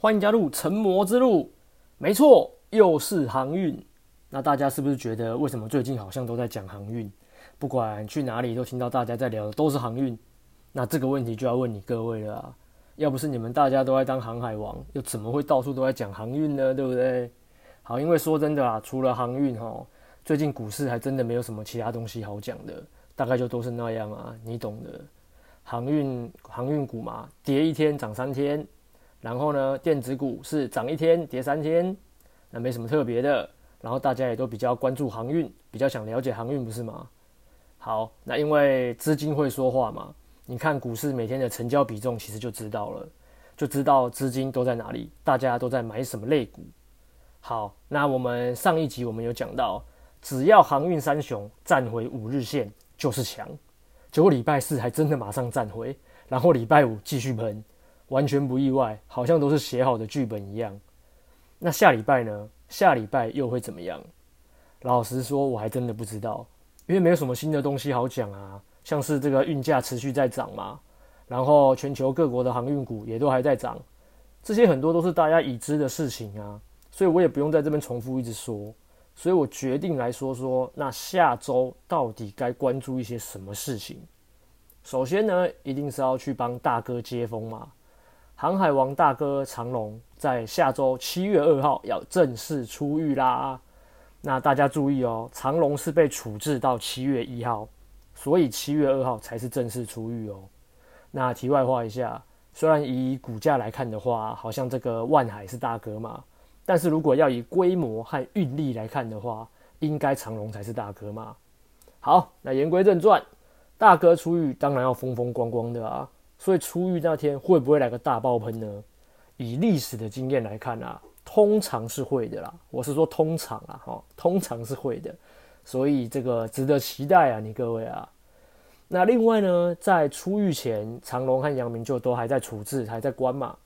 歡迎加入成魔之路，沒錯，又是航運。那大家是不是覺得為什麼最近好像都在講航運？不管去哪裡都聽到大家在聊的都是航運。那這個問題就要問你各位了啊！要不是你們大家都在當航海王，又怎麼會到處都在講航運呢？對不對？好，因為說真的啊，除了航運哈，最近股市還真的沒有什麼其他東西好講的，大概就都是那樣啊，你懂的。航運，航運股嘛，跌一天漲三天。然後呢，電子股是漲一天跌三天，那沒什麼特別的。然後大家也都比較關注航運，比較想了解航運，不是嗎？好，那因為資金會說話嘛，你看股市每天的成交比重，其實就知道了，就知道資金都在哪裡，大家都在買什麼類股。好，那我們上一集我們有講到，只要航運三雄站回五日線就是強，結果禮拜四還真的馬上站回，然後禮拜五繼續噴。完全不意外，好像都是寫好的劇本一樣。那下禮拜呢？下禮拜又會怎麼樣？老實說，我還真的不知道，因為沒有什麼新的東西好講啊。像是這個運價持續在漲嘛，然後全球各國的航運股也都還在漲，這些很多都是大家已知的事情啊，所以我也不用在這邊重複一直說。所以我決定來說說，那下周到底該關注一些什麼事情？首先呢，一定是要去幫大哥接風嘛。航海王大哥長榮在下周七月二號要正式出獄啦，那大家注意哦，長榮是被處置到七月一號，所以七月二號才是正式出獄哦。那題外話一下，雖然以股價來看的話，好像這個萬海是大哥嘛，但是如果要以規模和運力來看的話，應該長榮才是大哥嘛。好，那言歸正傳，大哥出獄當然要風風光光的啊。所以出獄那天會不會來個大爆噴呢？以歷史的經驗來看啊，通常是會的啦。我是說通常啊，哈、哦，通常是會的。所以這個值得期待啊，你各位啊。那另外呢，在出獄前，長榮和陽明就都還在處置，還在關嘛。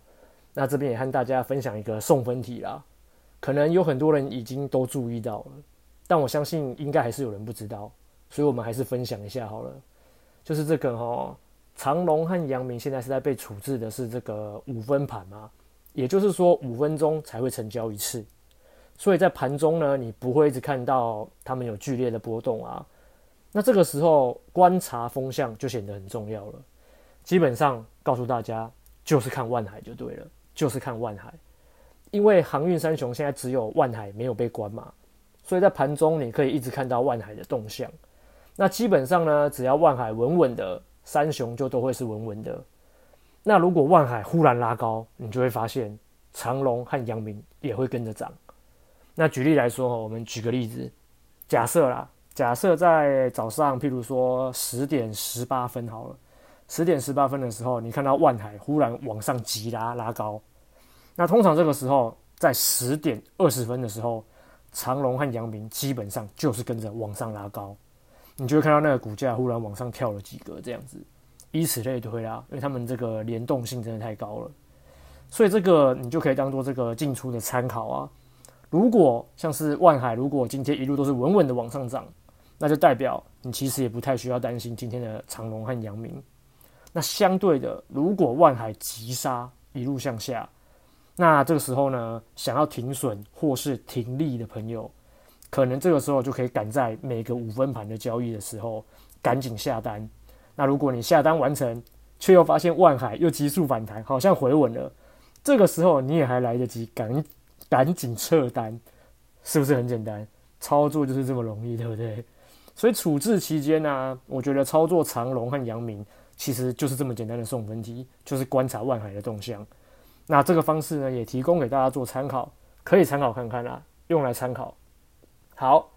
那這邊也和大家分享一個送分題啦。可能有很多人已經都注意到了，但我相信應該還是有人不知道，所以我們還是分享一下好了。就是這個哦。長龍和陽明現在是在被處置的，是這個五分盤嗎、啊？也就是說，五分鐘才會成交一次，所以在盤中呢，你不會一直看到他們有劇烈的波動啊。那這個時候觀察風向就顯得很重要了。基本上告訴大家，就是看萬海就對了，就是看萬海，因為航運三雄現在只有萬海沒有被關嘛，所以在盤中你可以一直看到萬海的動向。那基本上呢，只要萬海穩穩的。三雄就都會是穩穩的。那如果萬海忽然拉高，你就會發現長榮和陽明也會跟着漲。那舉例來說，我們舉個例子，假設啦，假設在早上，譬如說十點十八分好了，十點十八分的時候，你看到萬海忽然往上急拉拉高，那通常這個時候在十點二十分的時候，長榮和陽明基本上就是跟着往上拉高。你就會看到那個股價忽然往上跳了幾格，這樣子，以此類推啦、啊，因為他們這個聯動性真的太高了，所以這個你就可以當做這個進出的參考啊。如果像是萬海，如果今天一路都是穩穩的往上漲，那就代表你其實也不太需要擔心今天的長榮和陽明。那相對的，如果萬海急殺一路向下，那這個時候呢，想要停損或是停利的朋友，可能這個時候就可以趕在每個五分盤的交易的時候趕緊下單。那如果你下單完成，卻又發現萬海又急速反彈，好像回穩了，這個時候你也還來得及趕趕緊撤單，是不是很簡單？操作就是這麼容易，對不對？所以處置期間呢，我覺得操作長榮和陽明其實就是這麼簡單的送分題，就是觀察萬海的動向。那這個方式呢，也提供給大家做參考，可以參考看看啦，用來參考。好，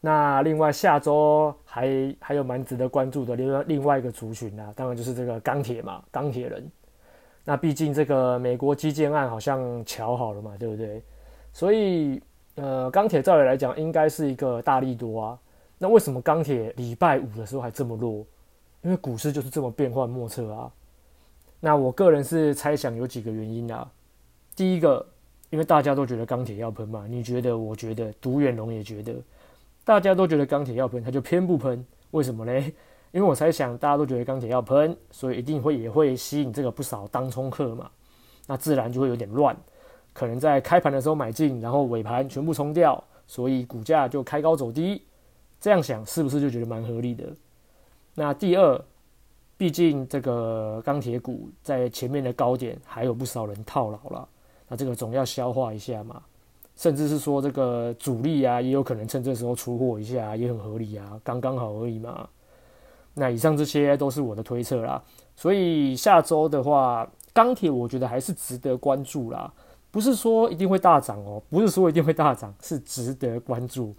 那另外下周還還有蠻值得關注的，另外另外一個族群呢、啊，當然就是這個鋼鐵嘛，鋼鐵人。那畢竟這個美國基建案好像喬好了嘛，對不對？所以呃，鋼鐵照理來講應該是一個大利多啊。那為什麼鋼鐵禮拜五的時候還這麼弱？因為股市就是這麼變幻莫測啊。那我個人是猜想有幾個原因啊，第一個。因為大家都覺得鋼鐵要噴嘛，你覺得？我覺得，獨眼龍也覺得，大家都覺得鋼鐵要噴，他就偏不噴，為什麼嘞？因為我猜想，大家都覺得鋼鐵要噴，所以一定會也會吸引這個不少當沖客嘛，那自然就會有點亂，可能在開盤的時候買進，然後尾盤全部沖掉，所以股價就開高走低。這樣想是不是就覺得蠻合理的？那第二，畢竟這個鋼鐵股在前面的高點還有不少人套牢了。那這個總要消化一下嘛，甚至是說這個主力啊，也有可能趁這時候出貨一下啊，也很合理啊，剛剛好而已嘛。那以上這些都是我的推測啦，所以下週的話，鋼鐵我覺得還是值得關注啦，不是說一定會大漲哦、喔，不是說一定會大漲，是值得關注。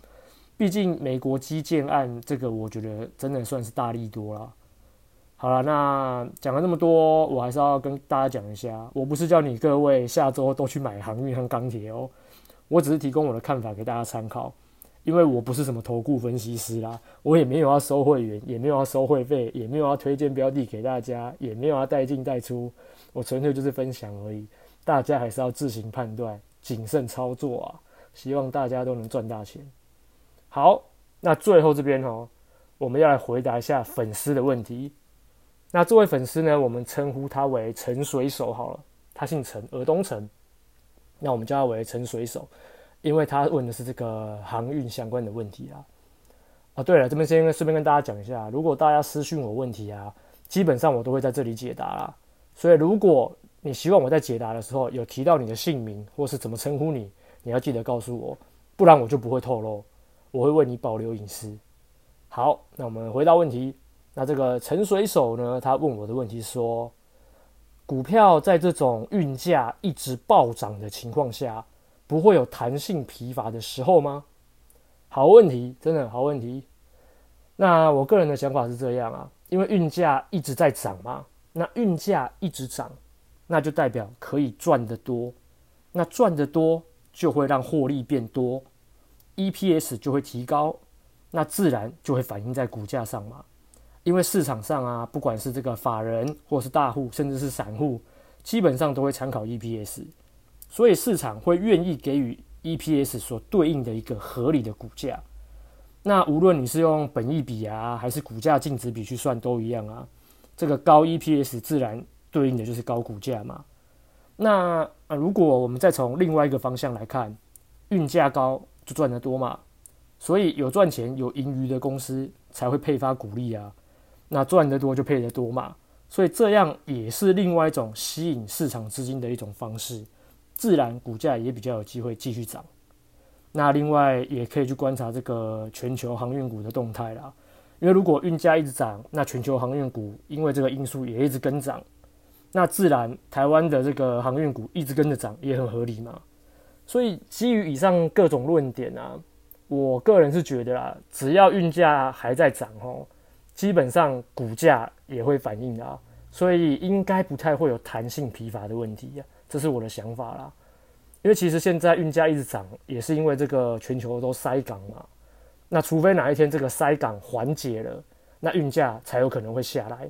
畢竟美國基建案這個，我覺得真的算是大利多啦。好了，那講了那麼多喔，我還是要跟大家講一下。我不是叫你各位下周都去買航運和鋼鐵哦，我只是提供我的看法給大家參考。因為我不是什麼投顧分析師啦，我也沒有要收會員，也沒有要收會費，也沒有要推薦標的給大家，也沒有要帶進帶出，我純粹就是分享而已。大家還是要自行判斷，謹慎操作啊！希望大家都能賺大錢。好，那最後這邊哦，我們要來回答一下粉絲的問題。那這位粉絲呢？我們稱呼他為陳水手好了，他姓陳，耳東陳。那我們叫他為陳水手，因為他問的是這個航運相關的問題啊。啊，對了，這邊先順便跟大家講一下，如果大家私訊我問題啊，基本上我都會在這裡解答啦。所以如果你希望我在解答的時候有提到你的姓名或是怎麼稱呼你，你要記得告訴我，不然我就不會透露，我會為你保留隱私。好，那我們回到問題。那這個陳水手呢？他問我的問題說：“股票在這種運價一直暴漲的情況下，不會有彈性疲乏的時候嗎？”好問題，真的好問題。那我個人的想法是這樣啊，因為運價一直在漲嘛，那運價一直漲，那就代表可以賺得多，那賺得多就會讓獲利變多，EPS 就會提高，那自然就會反映在股價上嘛。因為市場上啊，不管是這個法人或是大戶，甚至是散戶，基本上都會參考 EPS，所以市場會願意給予 EPS 所對應的一個合理的股價。那無論你是用本益比啊，還是股價淨值比去算都一樣啊。這個高 EPS 自然對應的就是高股價嘛。那呃，如果我們再從另外一個方向來看，運價高就賺得多嘛，所以有賺錢有盈餘的公司才會配發股利啊。那賺得多就配得多嘛，所以這樣也是另外一種吸引市場資金的一種方式，自然股價也比較有機會繼續漲。那另外也可以去觀察這個全球航運股的動態啦，因為如果運價一直漲，那全球航運股因為這個因素也一直跟漲，那自然台灣的這個航運股一直跟着漲也很合理嘛。所以基於以上各種論點啊，我個人是覺得啦，只要運價還在漲哦。基本上股價也會反應的啊，所以應該不太會有彈性疲乏的問題啊，這是我的想法啦。因為其實現在運價一直漲，也是因為這個全球都塞港嘛。那除非哪一天這個塞港緩解了，那運價才有可能會下來，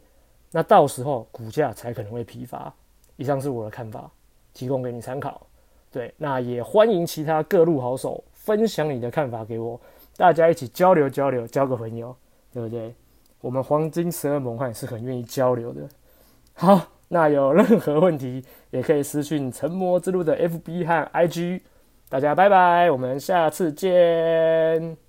那到時候股價才可能會疲乏。以上是我的看法，提供給你參考。對，那也歡迎其他各路好手分享你的看法給我，大家一起交流交流，交個朋友，對不對？我們黃金十二猛漢是很願意交流的。好，那有任何問題也可以私訊《成魔之路》的 FB 和 IG。大家拜拜，我們下次見。